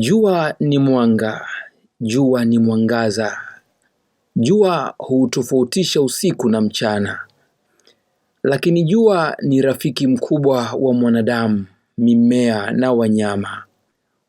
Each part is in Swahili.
Jua ni mwanga, jua ni mwangaza. Jua hutofautisha usiku na mchana, lakini jua ni rafiki mkubwa wa mwanadamu, mimea na wanyama.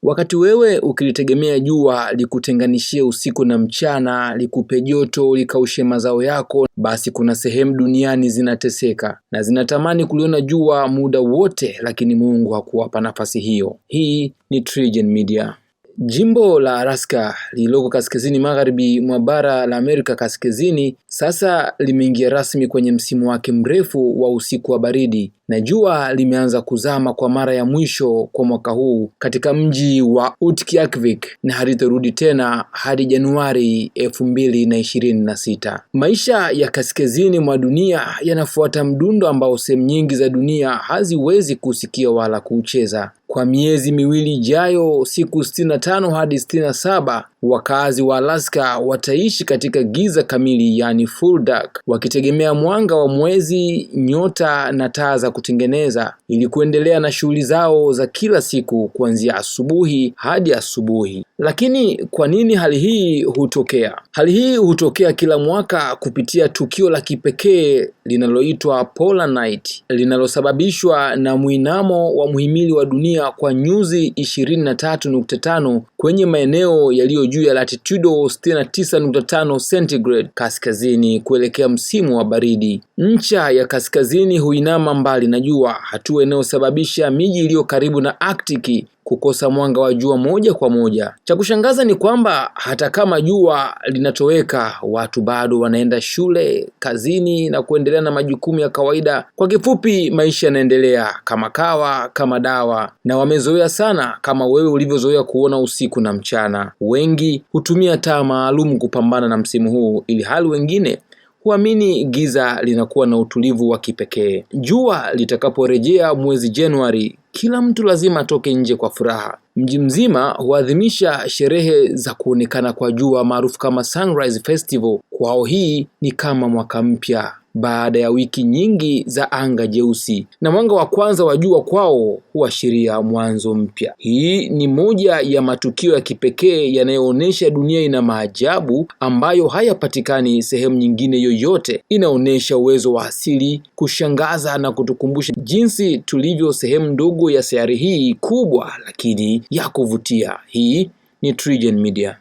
Wakati wewe ukilitegemea jua likutenganishie usiku na mchana, likupe joto, likaushe mazao yako, basi kuna sehemu duniani zinateseka na zinatamani kuliona jua muda wote, lakini Mungu hakuwapa nafasi hiyo. Hii ni TriGen Media. Jimbo la Alaska lililoko kaskazini magharibi mwa bara la Amerika Kaskazini sasa limeingia rasmi kwenye msimu wake mrefu wa usiku wa baridi na jua limeanza kuzama kwa mara ya mwisho kwa mwaka huu katika mji wa Utqiagvik na halitorudi tena hadi Januari elfu mbili na ishirini na sita. Maisha ya kaskazini mwa dunia yanafuata mdundo ambao sehemu nyingi za dunia haziwezi kusikia wala kuucheza. Kwa miezi miwili ijayo, siku 65 hadi saba wakazi wa Alaska wataishi katika giza kamili, yani full dark, wakitegemea mwanga wa mwezi, nyota na taa za kutengeneza ili kuendelea na shughuli zao za kila siku kuanzia asubuhi hadi asubuhi. Lakini kwa nini hali hii hutokea? Hali hii hutokea kila mwaka kupitia tukio la kipekee linaloitwa polar night linalosababishwa na mwinamo wa muhimili wa dunia kwa nyuzi 23.5 kwenye maeneo yaliyo juu ya latitudo 69.5 centigrade kaskazini kuelekea msimu wa baridi. Ncha ya kaskazini huinama mbali na jua, hatua inayosababisha miji iliyo karibu na Arctic kukosa mwanga wa jua moja kwa moja. Cha kushangaza ni kwamba hata kama jua linatoweka, watu bado wanaenda shule, kazini na kuendelea na majukumu ya kawaida. Kwa kifupi, maisha yanaendelea kama kawa, kama dawa, na wamezoea sana, kama wewe ulivyozoea kuona usiku na mchana. Wengi hutumia taa maalum kupambana na msimu huu, ili hali wengine huamini giza linakuwa na utulivu wa kipekee. Jua litakaporejea mwezi Januari, kila mtu lazima atoke nje kwa furaha. Mji mzima huadhimisha sherehe za kuonekana kwa jua maarufu kama Sunrise Festival. Kwao hii ni kama mwaka mpya baada ya wiki nyingi za anga jeusi, na mwanga wa kwanza wa jua kwao huashiria mwanzo mpya. Hii ni moja ya matukio ya kipekee yanayoonyesha dunia ina maajabu ambayo hayapatikani sehemu nyingine yoyote. Inaonyesha uwezo wa asili, kushangaza na kutukumbusha jinsi tulivyo sehemu ndogo ya sayari hii kubwa lakini ya kuvutia. Hii ni TriGen Media.